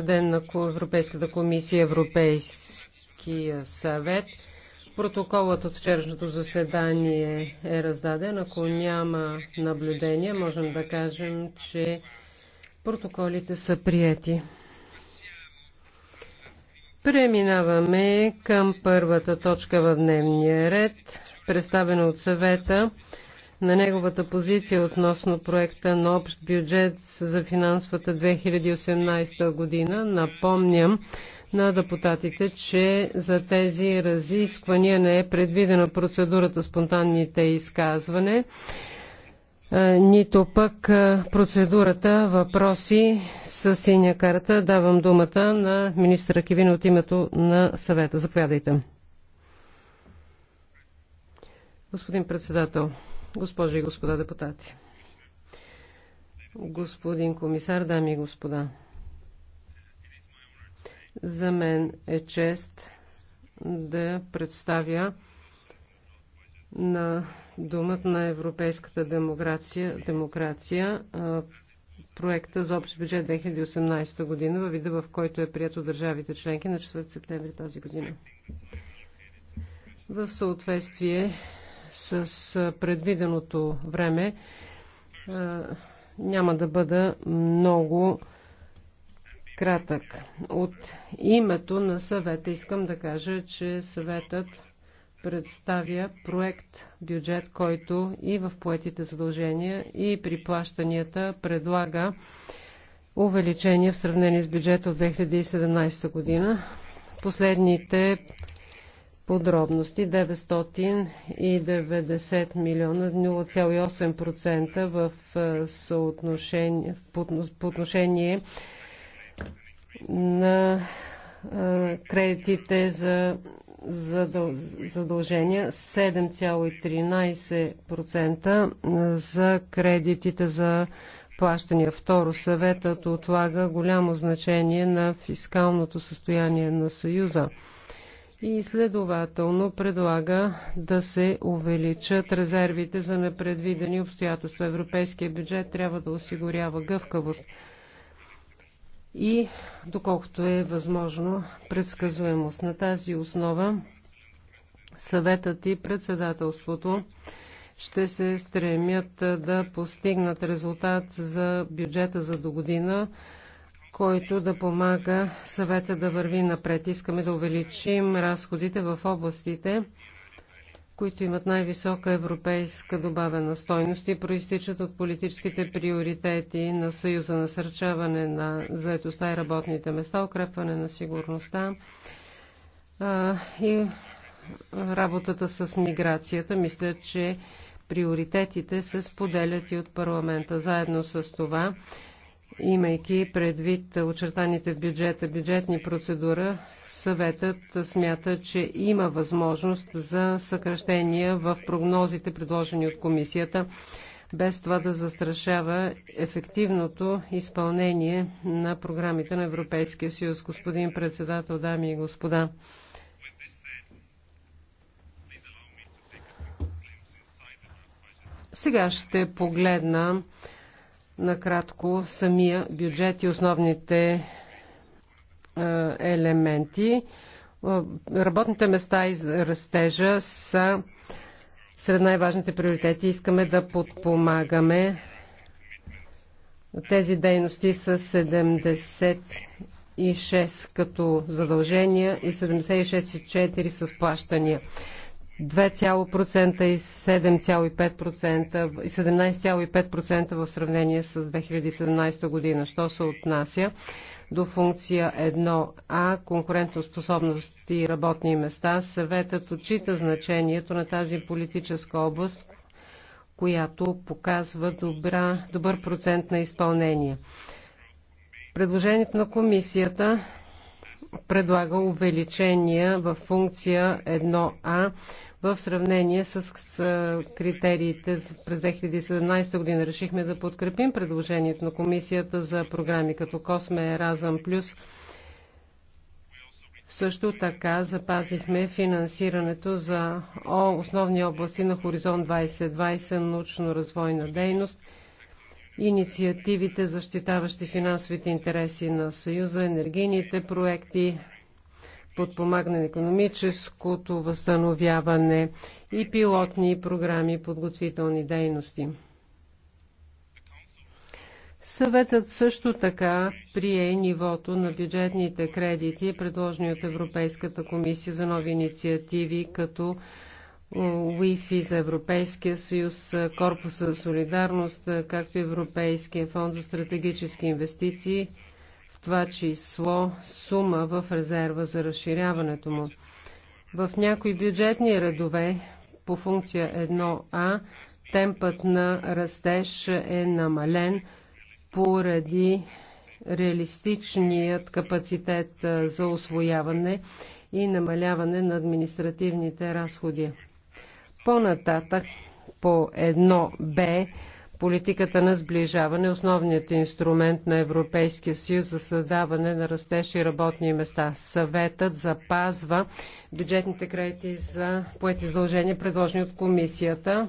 утвърден на Европейската комисия Европейския съвет. Протоколът от вчерашното заседание е раздаден. Ако няма наблюдение, можем да кажем, че протоколите са прияти. Преминаваме към първата точка в дневния ред, представена от съвета на неговата позиция относно проекта на общ бюджет за финансовата 2018 година. Напомням на депутатите, че за тези разисквания не е предвидена процедурата спонтанните изказване, нито пък процедурата въпроси с синя карта. Давам думата на министра Кивина от името на съвета. Заповядайте. Господин председател, госпожи и господа депутати, господин комисар, дами и господа. За мен е чест да представя на думата на европейската демокрация, демокрация проекта за общ бюджет 2018 година, във вида в който е прият от държавите членки на 4 септември тази година. В съответствие с предвиденото време няма да бъда много кратък. От името на съвета искам да кажа, че съветът представя проект бюджет, който и в поетите задължения, и при плащанията предлага увеличение в сравнение с бюджета от 2017 година. Последните подробности 990 милиона 0,8% в съотношение, по отношение на кредитите за задължения 7,13% за кредитите за плащания. Второ, съветът отлага голямо значение на фискалното състояние на Съюза и следователно предлага да се увеличат резервите за непредвидени обстоятелства. Европейския бюджет трябва да осигурява гъвкавост и, доколкото е възможно, предсказуемост. На тази основа съветът и председателството ще се стремят да постигнат резултат за бюджета за до година, който да помага съвета да върви напред. Искаме да увеличим разходите в областите, които имат най-висока европейска добавена стойност и проистичат от политическите приоритети на Съюза насърчаване на заетостта и работните места, укрепване на сигурността а, и работата с миграцията. Мисля, че приоритетите се споделят и от парламента. Заедно с това Имайки предвид очертаните в бюджета бюджетни процедура, съветът смята, че има възможност за съкръщения в прогнозите, предложени от комисията, без това да застрашава ефективното изпълнение на програмите на Европейския съюз. Господин председател, дами и господа, сега ще погледна накратко самия бюджет и основните елементи. Работните места и растежа са сред най-важните приоритети. Искаме да подпомагаме тези дейности с 76 като задължения и 76,4 с плащания. 2,5% и 17,5% в сравнение с 2017 година. Що се отнася до функция 1А конкурентоспособност и работни места, съветът отчита значението на тази политическа област, която показва добра, добър процент на изпълнение. Предложението на комисията предлага увеличение в функция 1А в сравнение с, с критериите през 2017 година. Решихме да подкрепим предложението на комисията за програми като Косме, Еразъм Плюс. Също така запазихме финансирането за основни области на Хоризонт 2020, научно-развойна дейност, инициативите, защитаващи финансовите интереси на Съюза, енергийните проекти, подпомагане на економическото възстановяване и пилотни програми, подготвителни дейности. Съветът също така прие нивото на бюджетните кредити, предложени от Европейската комисия за нови инициативи, като Wi-Fi за Европейския съюз, Корпуса за солидарност, както и Европейския фонд за стратегически инвестиции – това число сума в резерва за разширяването му. В някои бюджетни редове по функция 1А темпът на растеж е намален поради реалистичният капацитет за освояване и намаляване на административните разходи. По-нататък по 1Б Политиката на сближаване е основният инструмент на Европейския съюз за създаване на растеж и работни места. Съветът запазва бюджетните кредити за поети задължения, предложени от комисията.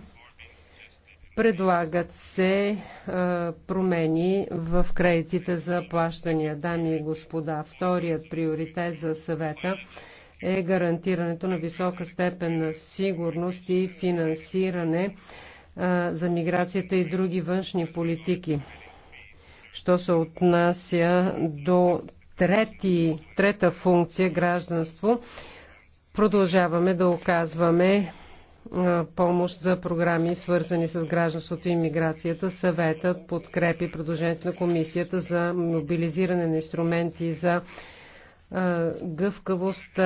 Предлагат се а, промени в кредитите за плащания. Дами и господа, вторият приоритет за съвета е гарантирането на висока степен на сигурност и финансиране за миграцията и други външни политики. Що се отнася до трети, трета функция гражданство, продължаваме да оказваме помощ за програми, свързани с гражданството и миграцията. Съветът подкрепи предложението на комисията за мобилизиране на инструменти за гъвкавост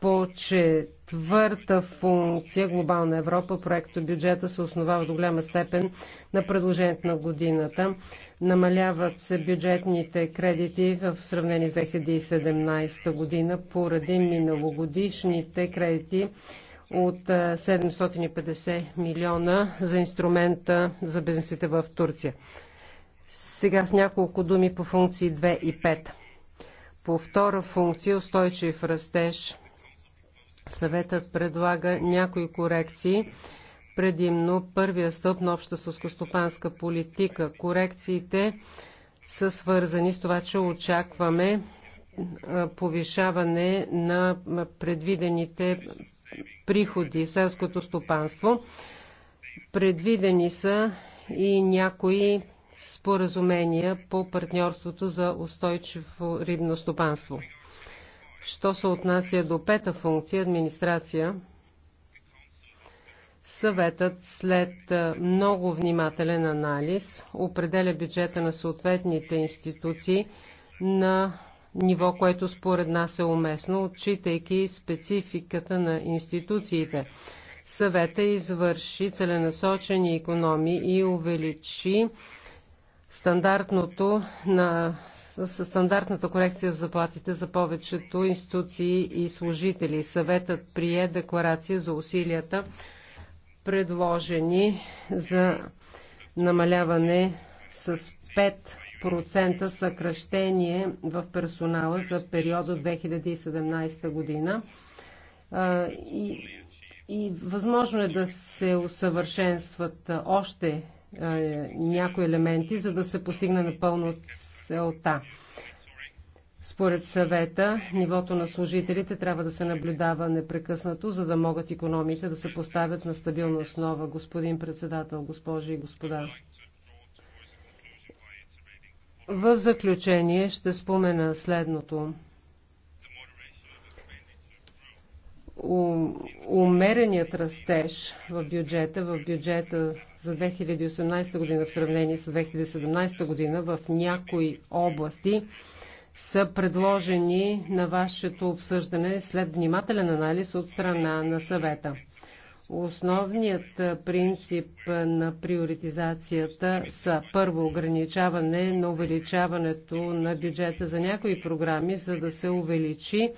по четвърта функция Глобална Европа, проекто бюджета се основава до голяма степен на предложението на годината. Намаляват се бюджетните кредити в сравнение с 2017 година поради миналогодишните кредити от 750 милиона за инструмента за бизнесите в Турция. Сега с няколко думи по функции 2 и 5. По втора функция устойчив растеж Съветът предлага някои корекции, предимно първия стъп на обща сълскостопанска политика. Корекциите са свързани с това, че очакваме повишаване на предвидените приходи в селското стопанство. Предвидени са и някои споразумения по партньорството за устойчиво рибно стопанство. Що се отнася до пета функция администрация, съветът след много внимателен анализ определя бюджета на съответните институции на ниво, което според нас е уместно, отчитайки спецификата на институциите. Съвета извърши целенасочени економии и увеличи стандартното на със стандартната корекция в заплатите за повечето институции и служители. Съветът прие декларация за усилията, предложени за намаляване с 5% съкръщение в персонала за периода 2017 година. И, и възможно е да се усъвършенстват още някои елементи, за да се постигне напълно целта. Според съвета, нивото на служителите трябва да се наблюдава непрекъснато, за да могат економите да се поставят на стабилна основа. Господин председател, госпожи и господа. В заключение ще спомена следното. умереният растеж в бюджета, в бюджета за 2018 година в сравнение с 2017 година в някои области са предложени на вашето обсъждане след внимателен анализ от страна на съвета. Основният принцип на приоритизацията са първо ограничаване на увеличаването на бюджета за някои програми, за да се увеличи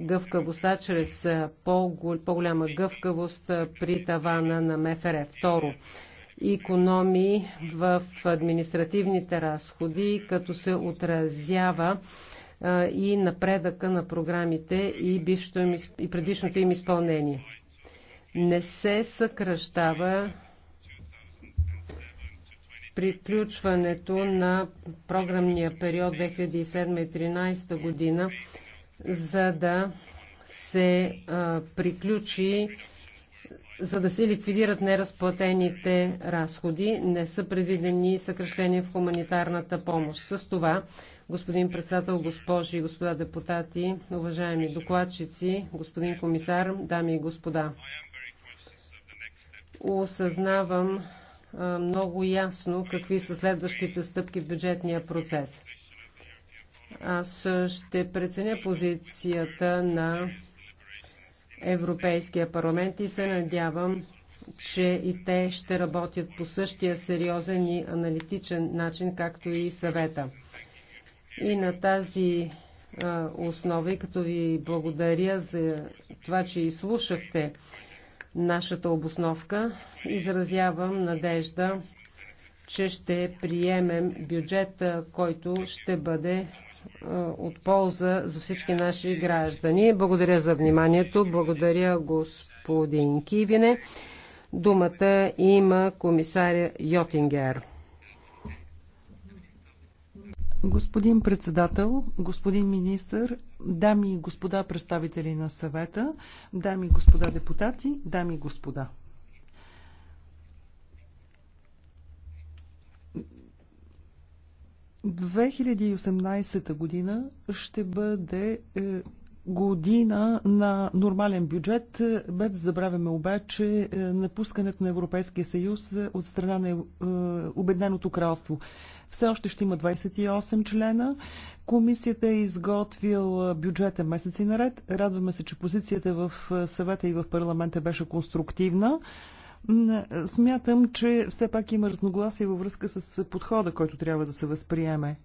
гъвкавостта чрез по-голяма гъвкавост при тавана на МФР. Е. Второ, економии в административните разходи, като се отразява и напредъка на програмите и, им, и предишното им изпълнение. Не се съкръщава приключването на програмния период 2007-2013 година, за да се а, приключи за да се ликвидират неразплатените разходи. Не са предвидени съкръщения в хуманитарната помощ. С това, господин председател, госпожи и господа депутати, уважаеми докладчици, господин комисар, дами и господа. Осъзнавам много ясно какви са следващите стъпки в бюджетния процес. Аз ще преценя позицията на Европейския парламент и се надявам, че и те ще работят по същия сериозен и аналитичен начин, както и съвета. И на тази основа и като ви благодаря за това, че изслушахте нашата обосновка, изразявам надежда, че ще приемем бюджета, който ще бъде е, от полза за всички наши граждани. Благодаря за вниманието. Благодаря господин Кивине. Думата има комисаря Йотингер. Господин председател, господин министр, дами и господа представители на съвета, дами и господа депутати, дами и господа. 2018 година ще бъде е, година на нормален бюджет, е, без да забравяме обаче е, напускането на Европейския съюз от страна на Обедненото кралство. Все още ще има 28 члена. Комисията е изготвил бюджета месеци наред. Радваме се, че позицията в съвета и в парламента беше конструктивна. Смятам, че все пак има разногласие във връзка с подхода, който трябва да се възприеме.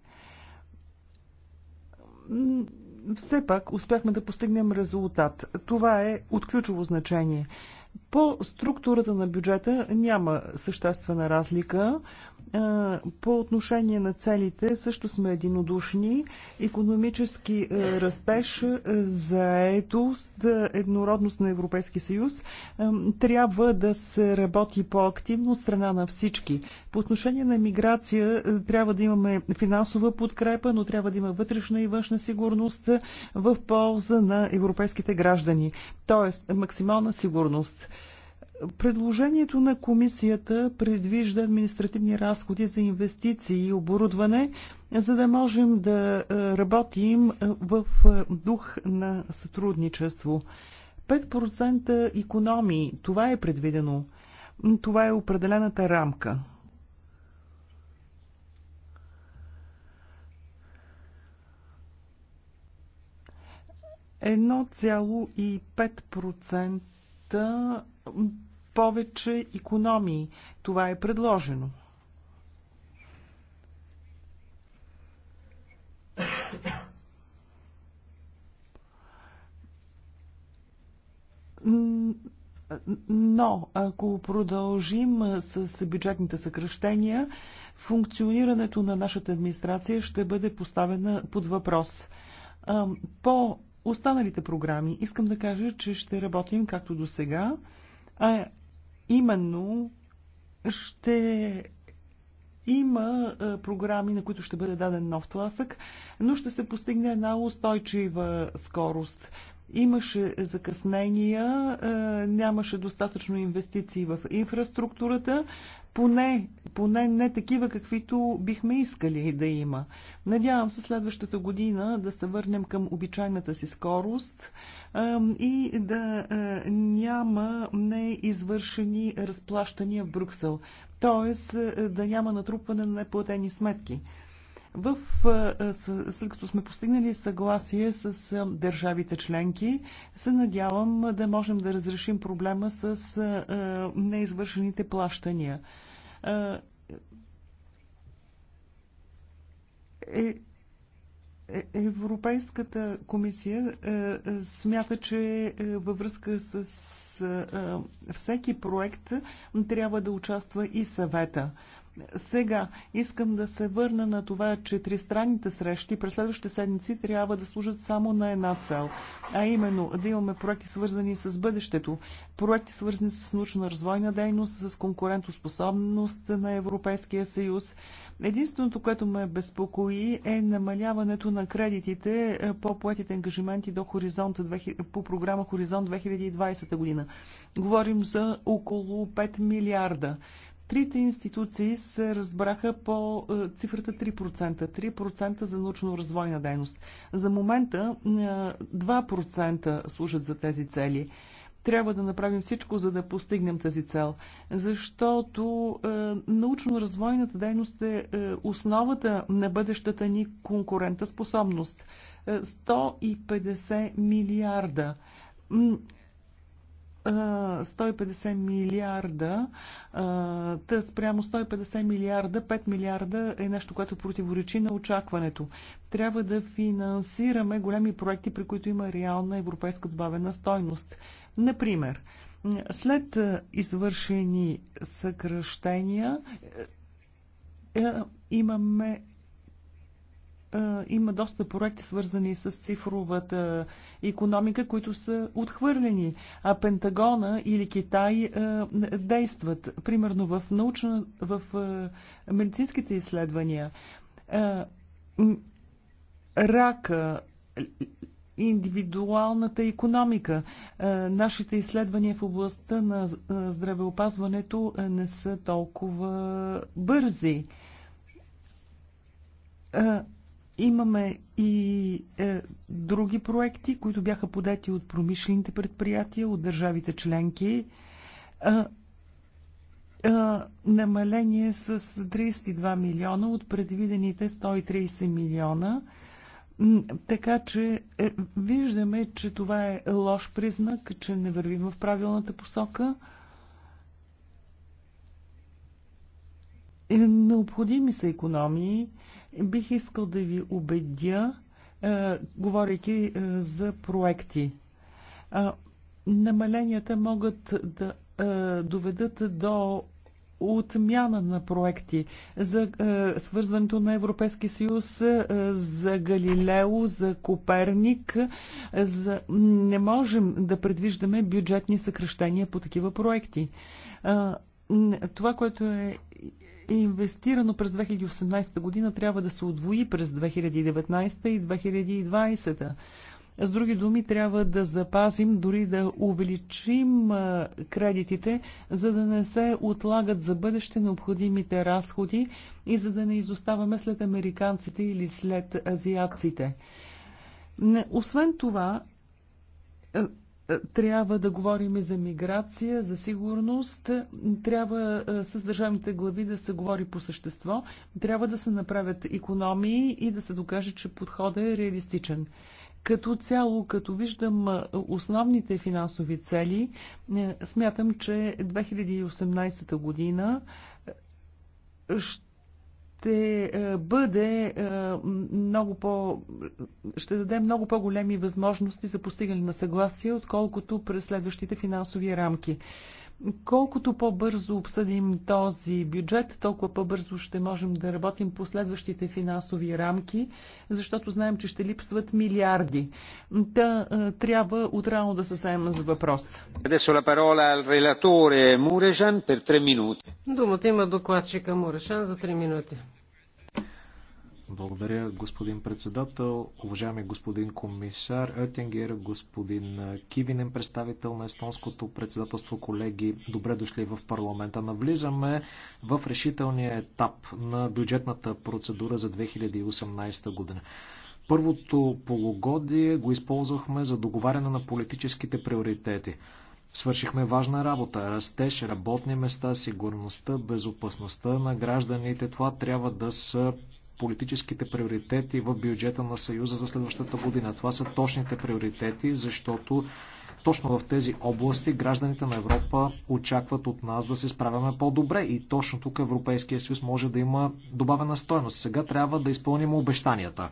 Все пак успяхме да постигнем резултат. Това е от ключово значение. По структурата на бюджета няма съществена разлика. По отношение на целите също сме единодушни. Економически растеж, заетост, еднородност на Европейски съюз трябва да се работи по-активно от страна на всички. По отношение на миграция е, трябва да имаме финансова подкрепа, но трябва да има вътрешна и външна сигурност е, в полза на европейските граждани. Тоест максимална сигурност. Предложението на комисията предвижда административни разходи за инвестиции и оборудване, за да можем да е, работим в дух на сътрудничество. 5% економии, това е предвидено. Това е определената рамка. 1,5% повече економии. Това е предложено. Но ако продължим с бюджетните съкръщения, функционирането на нашата администрация ще бъде поставена под въпрос. По останалите програми. Искам да кажа, че ще работим както до сега, а именно ще има програми, на които ще бъде даден нов тласък, но ще се постигне една устойчива скорост. Имаше закъснения, нямаше достатъчно инвестиции в инфраструктурата, поне, поне не такива, каквито бихме искали да има. Надявам се следващата година да се върнем към обичайната си скорост и да няма неизвършени разплащания в Брюксел. Тоест да няма натрупване на неплатени сметки в, след като сме постигнали съгласие с държавите членки, се надявам да можем да разрешим проблема с неизвършените плащания. Е, е, Европейската комисия смята, че във връзка с всеки проект трябва да участва и съвета. Сега искам да се върна на това, че тристранните срещи през следващите седмици трябва да служат само на една цел, а именно да имаме проекти свързани с бъдещето, проекти свързани с научно-развойна дейност, с конкурентоспособност на Европейския съюз. Единственото, което ме безпокои е намаляването на кредитите е, по поетите ангажименти до хоризонт, по програма Хоризонт 2020 година. Говорим за около 5 милиарда. Трите институции се разбраха по е, цифрата 3%. 3% за научно-развойна дейност. За момента 2% е, служат за тези цели трябва да направим всичко, за да постигнем тази цел. Защото е, научно-развойната дейност е, е основата на бъдещата ни конкурента способност. Е, 150 милиарда. 150 милиарда, та спрямо 150 милиарда, 5 милиарда е нещо, което противоречи на очакването. Трябва да финансираме големи проекти, при които има реална европейска добавена стойност. Например, след извършени съкръщения е, имаме има доста проекти, свързани с цифровата економика, които са отхвърлени, а Пентагона или Китай действат. Примерно в, научно, в медицинските изследвания рака, индивидуалната економика. Нашите изследвания в областта на здравеопазването не са толкова бързи Имаме и е, други проекти, които бяха подети от промишлените предприятия, от държавите членки. Е, е, намаление с 32 милиона от предвидените 130 милиона. Така че е, виждаме, че това е лош признак, че не вървим в правилната посока. Е, необходими са економии. Е, Бих искал да ви убедя, е, говорейки е, за проекти. Е, намаленията могат да доведат до отмяна на проекти за е, свързването на Европейски съюз, е, за Галилео, за Коперник. Е, за... Не можем да предвиждаме бюджетни съкръщения по такива проекти. Е, това, което е инвестирано през 2018 година трябва да се отвои през 2019 и 2020. С други думи, трябва да запазим, дори да увеличим кредитите, за да не се отлагат за бъдеще необходимите разходи и за да не изоставаме след американците или след азиатците. Освен това, трябва да говорим и за миграция, за сигурност, трябва с държавните глави да се говори по същество, трябва да се направят економии и да се докаже, че подходът е реалистичен. Като цяло, като виждам основните финансови цели, е, смятам, че 2018 година ще ще е, бъде е, много по... ще даде много по-големи възможности за постигане на съгласие, отколкото през следващите финансови рамки. Колкото по-бързо обсъдим този бюджет, толкова по-бързо ще можем да работим по следващите финансови рамки, защото знаем, че ще липсват милиарди. Та е, трябва отрано да се заема за въпрос. Думата има докладчика Мурешан за 3 минути. Благодаря, господин председател, уважаеми господин комисар Оттингер, господин Кивинен, представител на естонското председателство, колеги, добре дошли в парламента. Навлизаме в решителния етап на бюджетната процедура за 2018 година. Първото полугодие го използвахме за договаряне на политическите приоритети. Свършихме важна работа. Растеж, работни места, сигурността, безопасността на гражданите. Това трябва да са политическите приоритети в бюджета на Съюза за следващата година. Това са точните приоритети, защото точно в тези области гражданите на Европа очакват от нас да се справяме по-добре и точно тук Европейския съюз може да има добавена стойност. Сега трябва да изпълним обещанията.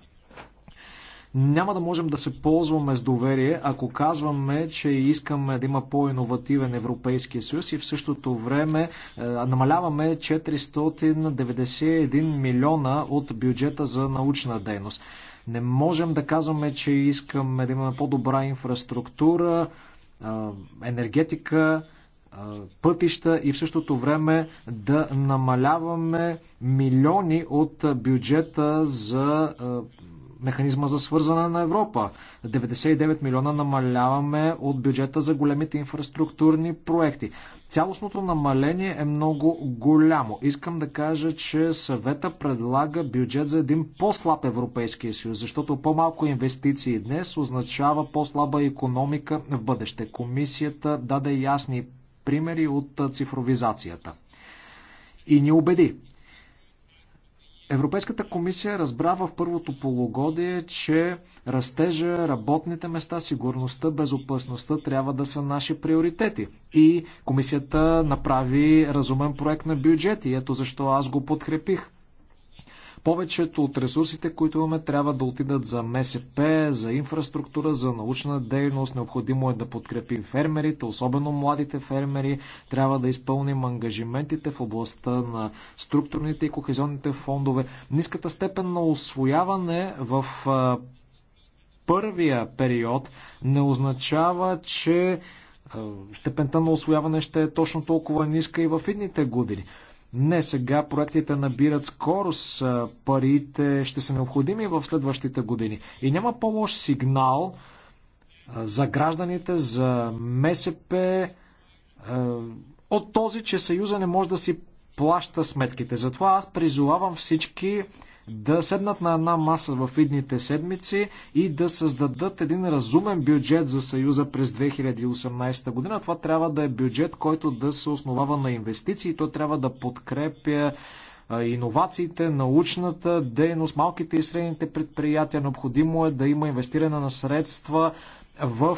Няма да можем да се ползваме с доверие, ако казваме, че искаме да има по-инновативен Европейския съюз и в същото време е, намаляваме 491 милиона от бюджета за научна дейност. Не можем да казваме, че искаме да имаме по-добра инфраструктура, е, енергетика, е, пътища и в същото време да намаляваме милиони от бюджета за механизма за свързване на Европа. 99 милиона намаляваме от бюджета за големите инфраструктурни проекти. Цялостното намаление е много голямо. Искам да кажа, че съвета предлага бюджет за един по-слаб Европейския съюз, защото по-малко инвестиции днес означава по-слаба економика в бъдеще. Комисията даде ясни примери от цифровизацията. И ни убеди. Европейската комисия разбра в първото полугодие, че растежа, работните места, сигурността, безопасността трябва да са наши приоритети. И комисията направи разумен проект на бюджет и ето защо аз го подкрепих. Повечето от ресурсите, които имаме, трябва да отидат за МСП, за инфраструктура, за научна дейност. Необходимо е да подкрепим фермерите, особено младите фермери. Трябва да изпълним ангажиментите в областта на структурните и кохезионните фондове. Ниската степен на освояване в първия период не означава, че степента на освояване ще е точно толкова ниска и в идните години. Не, сега проектите набират скорост, парите ще са необходими в следващите години. И няма по-лош сигнал за гражданите, за МСП, от този, че Съюза не може да си плаща сметките. Затова аз призовавам всички да седнат на една маса в идните седмици и да създадат един разумен бюджет за Съюза през 2018 година. Това трябва да е бюджет, който да се основава на инвестиции. Той трябва да подкрепя иновациите, научната дейност, малките и средните предприятия. Необходимо е да има инвестиране на средства в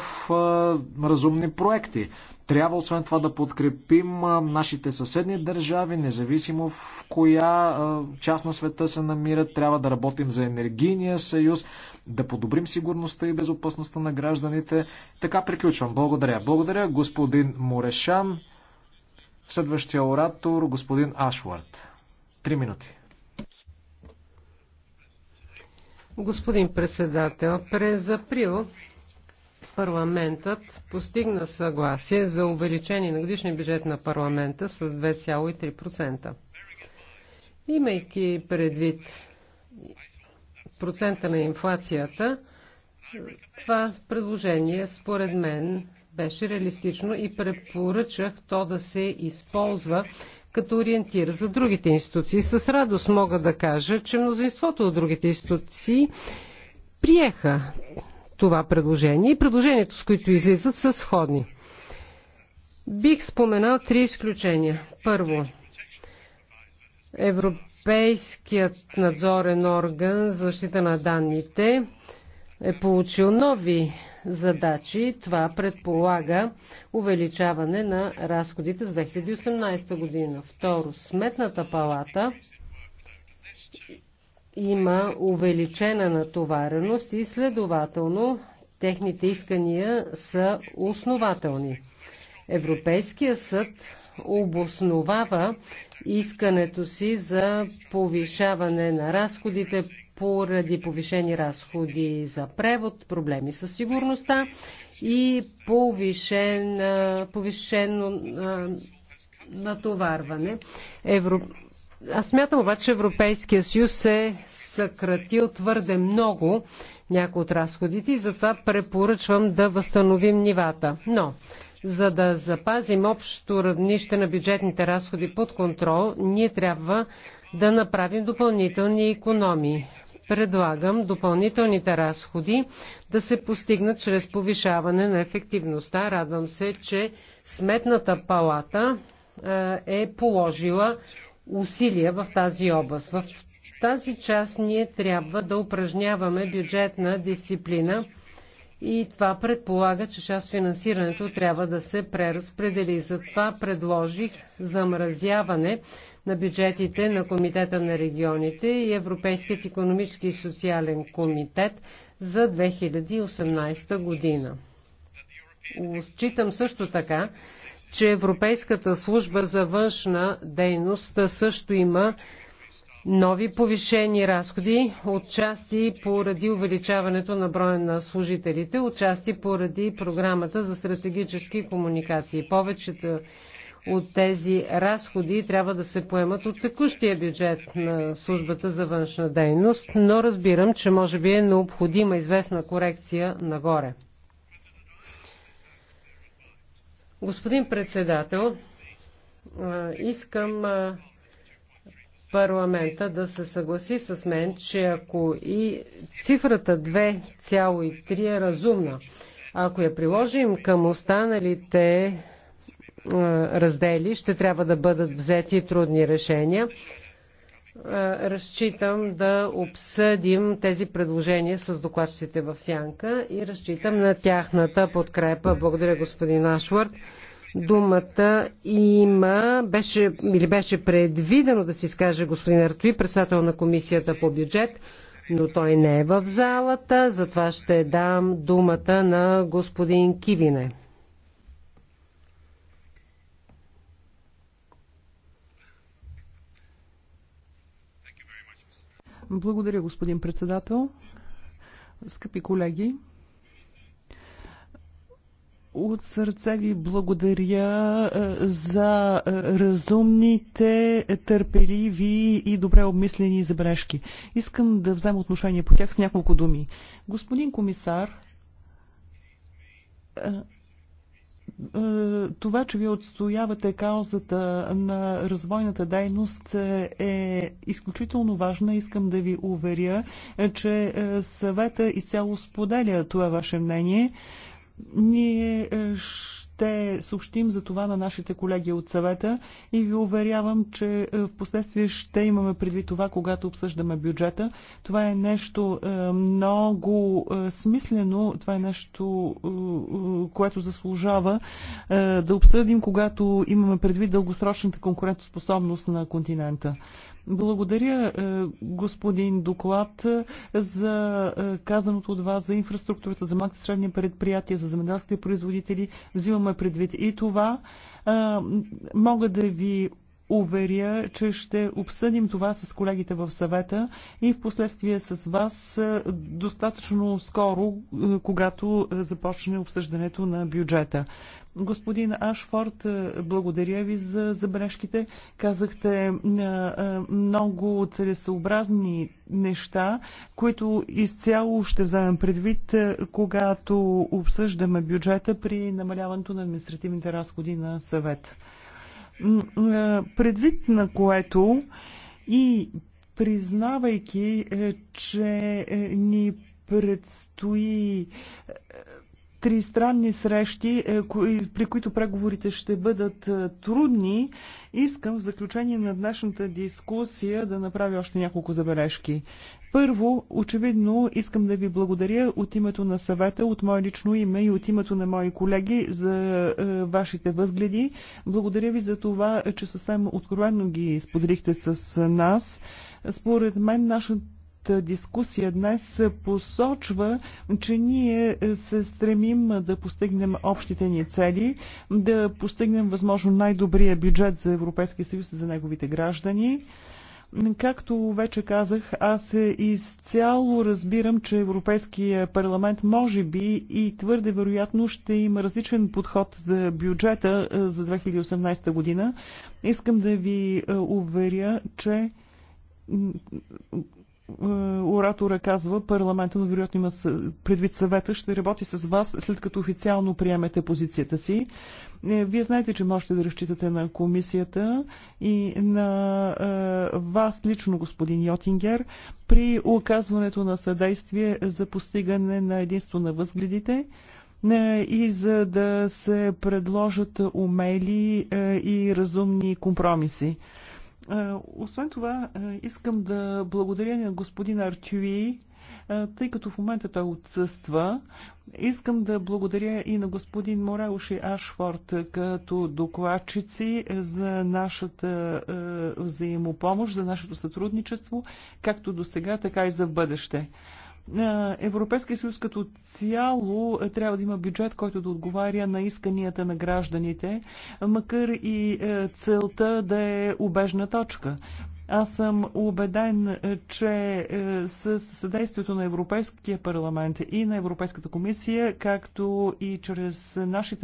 разумни проекти. Трябва освен това да подкрепим нашите съседни държави, независимо в коя част на света се намират. Трябва да работим за енергийния съюз, да подобрим сигурността и безопасността на гражданите. Така приключвам. Благодаря. Благодаря господин Морешан. Следващия оратор господин Ашвард. Три минути. Господин председател, през април парламентът постигна съгласие за увеличение на годишния бюджет на парламента с 2,3%. Имайки предвид процента на инфлацията, това предложение според мен беше реалистично и препоръчах то да се използва като ориентир за другите институции. С радост мога да кажа, че мнозинството от другите институции приеха това предложение и предложението, с които излизат, са сходни. Бих споменал три изключения. Първо, Европейският надзорен орган за защита на данните е получил нови задачи. Това предполага увеличаване на разходите за 2018 година. Второ, Сметната палата има увеличена натовареност и следователно техните искания са основателни. Европейския съд обосновава искането си за повишаване на разходите поради повишени разходи за превод, проблеми със сигурността и повишен, повишено натоварване. Евро... Аз смятам обаче, че Европейския съюз е съкратил твърде много някои от разходите и затова препоръчвам да възстановим нивата. Но, за да запазим общото равнище на бюджетните разходи под контрол, ние трябва да направим допълнителни економии. Предлагам допълнителните разходи да се постигнат чрез повишаване на ефективността. Радвам се, че Сметната палата е, е положила усилия в тази област. В тази част ние трябва да упражняваме бюджетна дисциплина и това предполага, че част финансирането трябва да се преразпредели. Затова предложих замразяване на бюджетите на Комитета на регионите и Европейският економически и социален комитет за 2018 година. Считам също така, че Европейската служба за външна дейност също има нови повишени разходи, отчасти поради увеличаването на броя на служителите, отчасти поради програмата за стратегически комуникации. Повечето от тези разходи трябва да се поемат от текущия бюджет на службата за външна дейност, но разбирам, че може би е необходима известна корекция нагоре. Господин председател, искам парламента да се съгласи с мен, че ако и цифрата 2,3 е разумна, ако я приложим към останалите раздели, ще трябва да бъдат взети трудни решения. Е, разчитам да обсъдим тези предложения с докладчиците в Сянка и разчитам на тяхната подкрепа. Благодаря, господин Ашвард. Думата има, беше, или беше предвидено да се изкаже господин Артуи, председател на комисията по бюджет, но той не е в залата, затова ще дам думата на господин Кивине. Благодаря, господин председател. Скъпи колеги, от сърце ви благодаря е, за е, разумните, търпеливи и добре обмислени забележки. Искам да взема отношение по тях с няколко думи. Господин комисар, е, е, това, че вие отстоявате каузата на развойната дейност е, е изключително важна. Искам да ви уверя, е, че съвета изцяло споделя това ваше мнение. Ние ще ще съобщим за това на нашите колеги от съвета и ви уверявам, че е, в последствие ще имаме предвид това, когато обсъждаме бюджета. Това е нещо е, много е, смислено, това е нещо, което заслужава да обсъдим, когато имаме предвид дългосрочната конкурентоспособност на континента. Благодаря, е, господин доклад, е, за е, казаното от вас за инфраструктурата, за малките средни предприятия, за земеделските производители. Взимаме предвид и това. Мога да ви уверя, че ще обсъдим това с колегите в съвета и в последствие с вас е, достатъчно скоро, е, когато е, започне обсъждането на бюджета. Господин Ашфорд, благодаря ви за забележките. Казахте много целесообразни неща, които изцяло ще вземем предвид, когато обсъждаме бюджета при намаляването на административните разходи на съвет. Е, предвид на което и признавайки, е, че е, ни предстои тристранни срещи, при които преговорите ще бъдат трудни, искам в заключение на днешната дискусия да направя още няколко забележки. Първо, очевидно, искам да ви благодаря от името на съвета, от мое лично име и от името на мои колеги за е, вашите възгледи. Благодаря ви за това, че съвсем откровенно ги споделихте с нас. Според мен, нашата дискусия днес посочва, че ние се стремим да постигнем общите ни цели, да постигнем възможно най-добрия бюджет за Европейския съюз и за неговите граждани. Както вече казах, аз изцяло разбирам, че Европейския парламент може би и твърде вероятно ще има различен подход за бюджета е, за 2018 година. Искам да ви е, уверя, че е, оратора казва, парламента, но вероятно има предвид съвета, ще работи с вас, след като официално приемете позицията си. Е, вие знаете, че можете да разчитате на комисията и на е, вас лично, господин Йотингер, при оказването на съдействие за постигане на единство на възгледите и за да се предложат умели и разумни компромиси. Е, освен това, е, искам да благодаря на господин Артюи, е, тъй като в момента той отсъства. Искам да благодаря и на господин Морауш Ашфорд като докладчици за нашата взаимопомощ, за нашето сътрудничество, както до сега, така и за бъдеще. Е, Европейския съюз като цяло е, трябва да има бюджет, който да отговаря на исканията на гражданите, макар и е, целта да е обежна точка. Аз съм убеден, че с съдействието на Европейския парламент и на Европейската комисия, както и чрез нашите